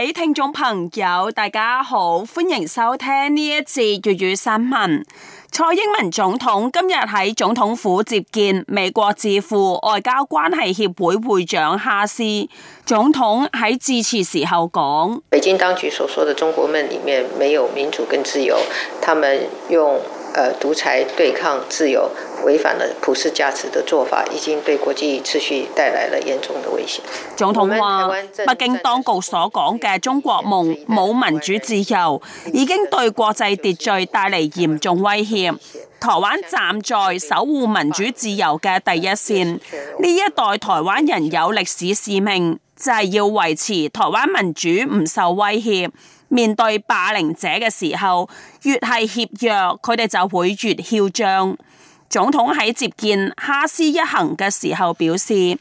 各位聽眾朋友，大家好，歡迎收聽呢一節粵語新聞。蔡英文總統今日喺總統府接見美國智庫外交關係協會會長哈斯。總統喺致辭時候講，北京當局所說的中國夢裏面沒有民主跟自由，他們用。呃，獨裁對抗自由，違反了普世價值的做法，已經對國際秩序帶來了嚴重的威脅。總統話，北京當局所講嘅中國夢冇民主自由，已經對國際秩序帶嚟嚴重威脅。台灣站在守護民主自由嘅第一線，呢一代台灣人有歷史使命。就係要維持台灣民主唔受威脅，面對霸凌者嘅時候，越係怯弱，佢哋就會越囂張。總統喺接見哈斯一行嘅時候表示，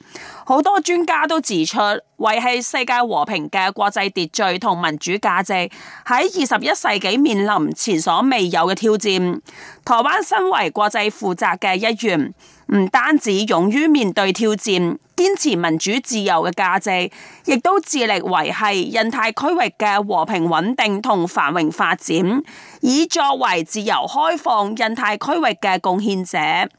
好多專家都指出，維繫世界和平嘅國際秩序同民主價值喺二十一世紀面臨前所未有嘅挑戰。台灣身為國際負責嘅一員，唔單止勇於面對挑戰，堅持民主自由嘅價值，亦都致力維繫印太區域嘅和平穩定同繁榮發展，以作為自由開放印太區域嘅貢獻者。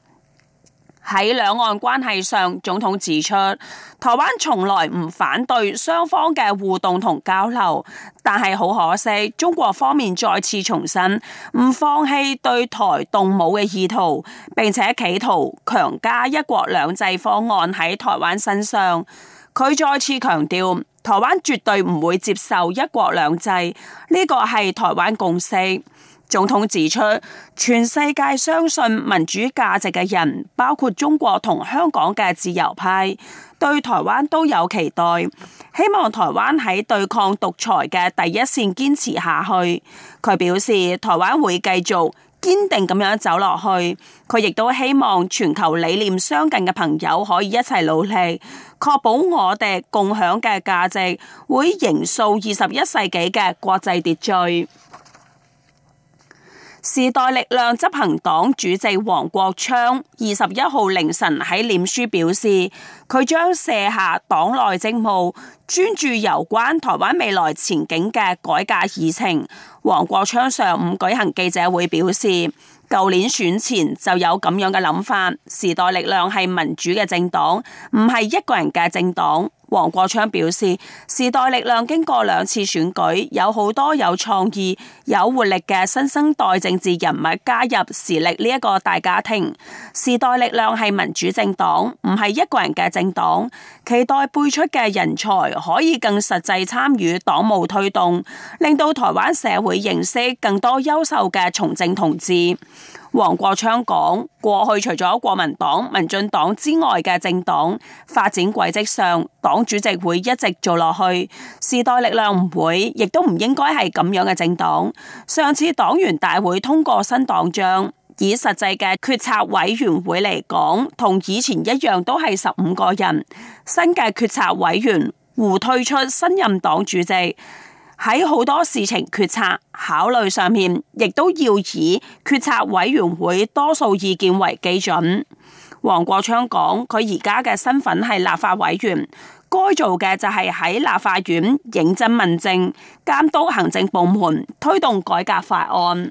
喺兩岸關係上，總統指出，台灣從來唔反對雙方嘅互動同交流，但係好可惜，中國方面再次重申唔放棄對台動武嘅意圖，並且企圖強加一國兩制方案喺台灣身上。佢再次強調，台灣絕對唔會接受一國兩制，呢、這個係台灣共識。總統指出，全世界相信民主價值嘅人，包括中國同香港嘅自由派，對台灣都有期待，希望台灣喺對抗獨裁嘅第一線堅持下去。佢表示，台灣會繼續堅定咁樣走落去。佢亦都希望全球理念相近嘅朋友可以一齊努力，確保我哋共享嘅價值會形塑二十一世紀嘅國際秩序。時代力量執行黨主席黃國昌二十一號凌晨喺臉書表示，佢將卸下黨內政務，專注有關台灣未來前景嘅改革議程。黃國昌上午舉行記者會表示，舊年選前就有咁樣嘅諗法。時代力量係民主嘅政黨，唔係一個人嘅政黨。黃國昌表示，時代力量經過兩次選舉，有好多有創意、有活力嘅新生代政治人物加入時力呢一個大家庭。時代力量係民主政黨，唔係一個人嘅政黨，期待輩出嘅人才可以更實際參與黨務推動，令到台灣社會認識更多優秀嘅從政同志。黃國昌講：過去除咗國民黨、民進黨之外嘅政黨發展軌跡上，黨主席會一直做落去。時代力量唔會，亦都唔應該係咁樣嘅政黨。上次黨員大會通過新黨章，以實際嘅決策委員會嚟講，同以前一樣都係十五個人。新嘅決策委員胡退出，新任黨主席。喺好多事情決策考慮上面，亦都要以決策委員會多數意見為基準。黃國昌講：佢而家嘅身份係立法委員，該做嘅就係喺立法院認真問政，監督行政部門，推動改革法案。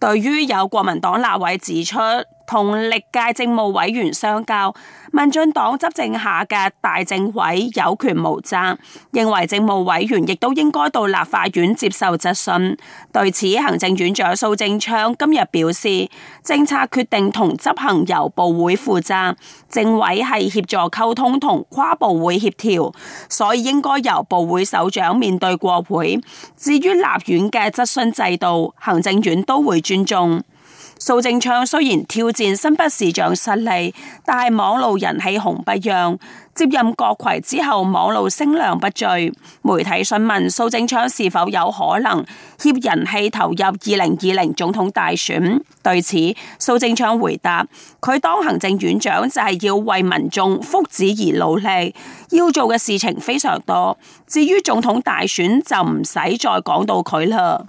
對於有國民黨立委指出。同歷屆政務委員相較，民進黨執政下嘅大政委有權無責，認為政務委員亦都應該到立法院接受質詢。對此，行政院長蘇貞昌今日表示，政策決定同執行由部會負責，政委係協助溝通同跨部會協調，所以應該由部會首長面對國會。至於立院嘅質詢制度，行政院都會尊重。蘇貞昌雖然挑戰新北市長失利，但係網路人氣紅不讓。接任閣揆之後，網路聲量不墜。媒體詢問蘇貞昌是否有可能挾人氣投入二零二零總統大選，對此蘇貞昌回答：佢當行政院長就係要為民眾福祉而努力，要做嘅事情非常多。至於總統大選就唔使再講到佢啦。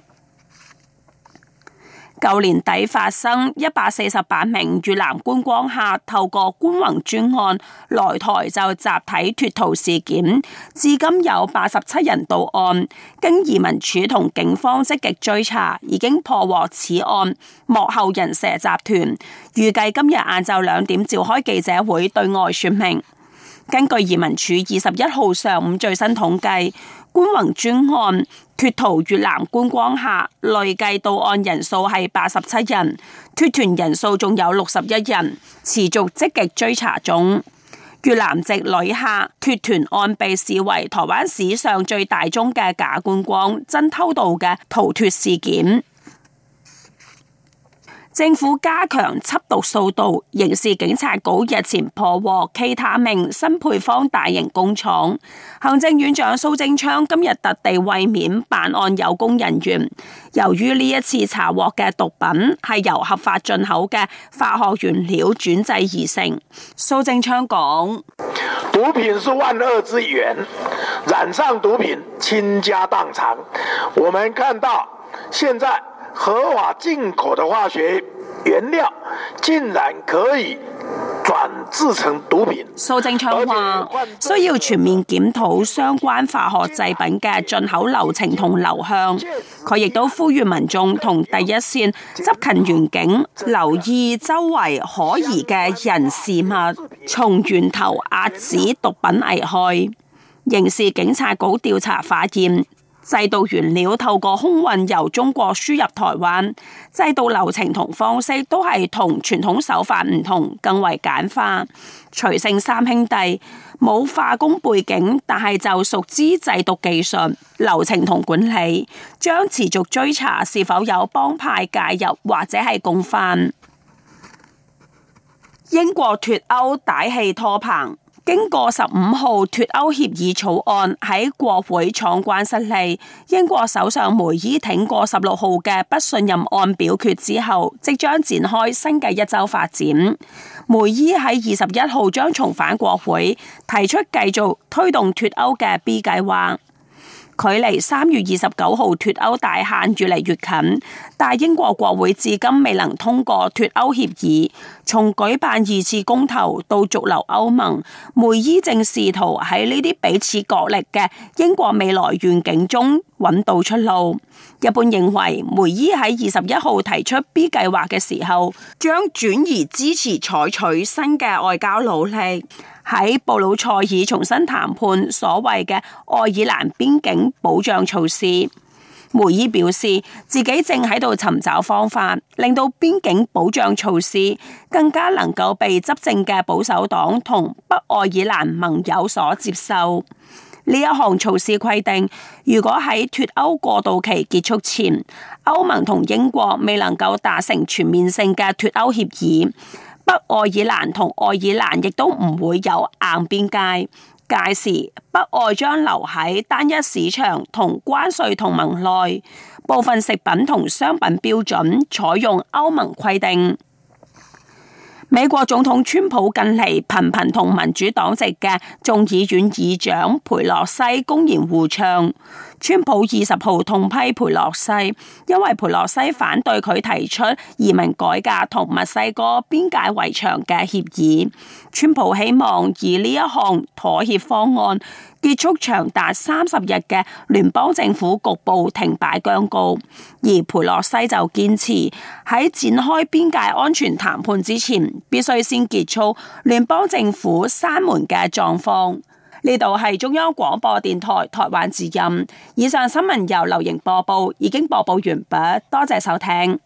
舊年底發生一百四十八名越南觀光客透過觀宏專案來台就集體脫逃事件，至今有八十七人到案，經移民署同警方積極追查，已經破獲此案幕後人蛇集團。預計今日晏晝兩點召開記者會對外說明。根據移民署二十一號上午最新統計。官宏專案脫逃越南觀光客，累計到案人數係八十七人，脫團人數仲有六十一人，持續積極，極追查中。越南籍旅客脫團案被視為台灣史上最大宗嘅假觀光、真偷渡嘅逃脫事件。政府加強緝毒掃毒，刑事警察局日前破獲 K 他命新配方大型工廠。行政院長蘇貞昌今日特地慰勉辦案有功人員。由於呢一次查獲嘅毒品係由合法進口嘅化學原料轉製而成，蘇貞昌講：「毒品是萬惡之源，染上毒品傾家蕩產。我們看到現在。合法進口嘅化學原料竟然可以轉製成毒品。蘇貞昌話，需要全面檢討相關化學製品嘅進口流程同流向。佢亦都呼籲民眾同第一線執勤員警留意周圍可疑嘅人事物，從源頭遏止毒品危害。刑事警察局調查發現。製毒原料透過空運由中國輸入台灣，製毒流程同方式都係同傳統手法唔同，更為簡化。徐勝三兄弟冇化工背景，但係就熟知製毒技術、流程同管理，將持續追查是否有幫派介入或者係共犯。英國脫歐大戲拖棚。經過十五號脫歐協議草案喺國會闖關失利，英國首相梅伊挺過十六號嘅不信任案表決之後，即將展開新嘅一周發展。梅伊喺二十一號將重返國會，提出繼續推動脫歐嘅 B 計劃。距離三月二十九號脫歐大限越嚟越近，但英國國會至今未能通過脫歐協議。從舉辦二次公投到續留歐盟，梅伊正試圖喺呢啲彼此角力嘅英國未來願景中揾到出路。一般認為，梅伊喺二十一號提出 B 計劃嘅時候，將轉移支持採取新嘅外交努力。喺布魯塞爾重新談判所謂嘅愛爾蘭邊境保障措施，梅伊表示自己正喺度尋找方法，令到邊境保障措施更加能夠被執政嘅保守黨同北愛爾蘭盟友所接受。呢一項措施規定，如果喺脫歐過渡期結束前，歐盟同英國未能夠達成全面性嘅脫歐協議。北愛爾蘭同愛爾蘭亦都唔會有硬邊界，屆時北愛將留喺單一市場同關稅同盟內，部分食品同商品標準採用歐盟規定。美國總統川普近嚟頻頻同民主黨籍嘅眾議院議長裴洛西公然互槓。川普二十號痛批裴洛西，因為裴洛西反對佢提出移民改革同墨西哥邊界圍牆嘅協議。川普希望以呢一項妥協方案。結束長達三十日嘅聯邦政府局部停擺僵局，而裴洛西就堅持喺展開邊界安全談判之前，必須先結束聯邦政府閂門嘅狀況。呢度係中央廣播電台台灣之音，以上新聞由劉瑩播報，已經播報完畢，多謝收聽。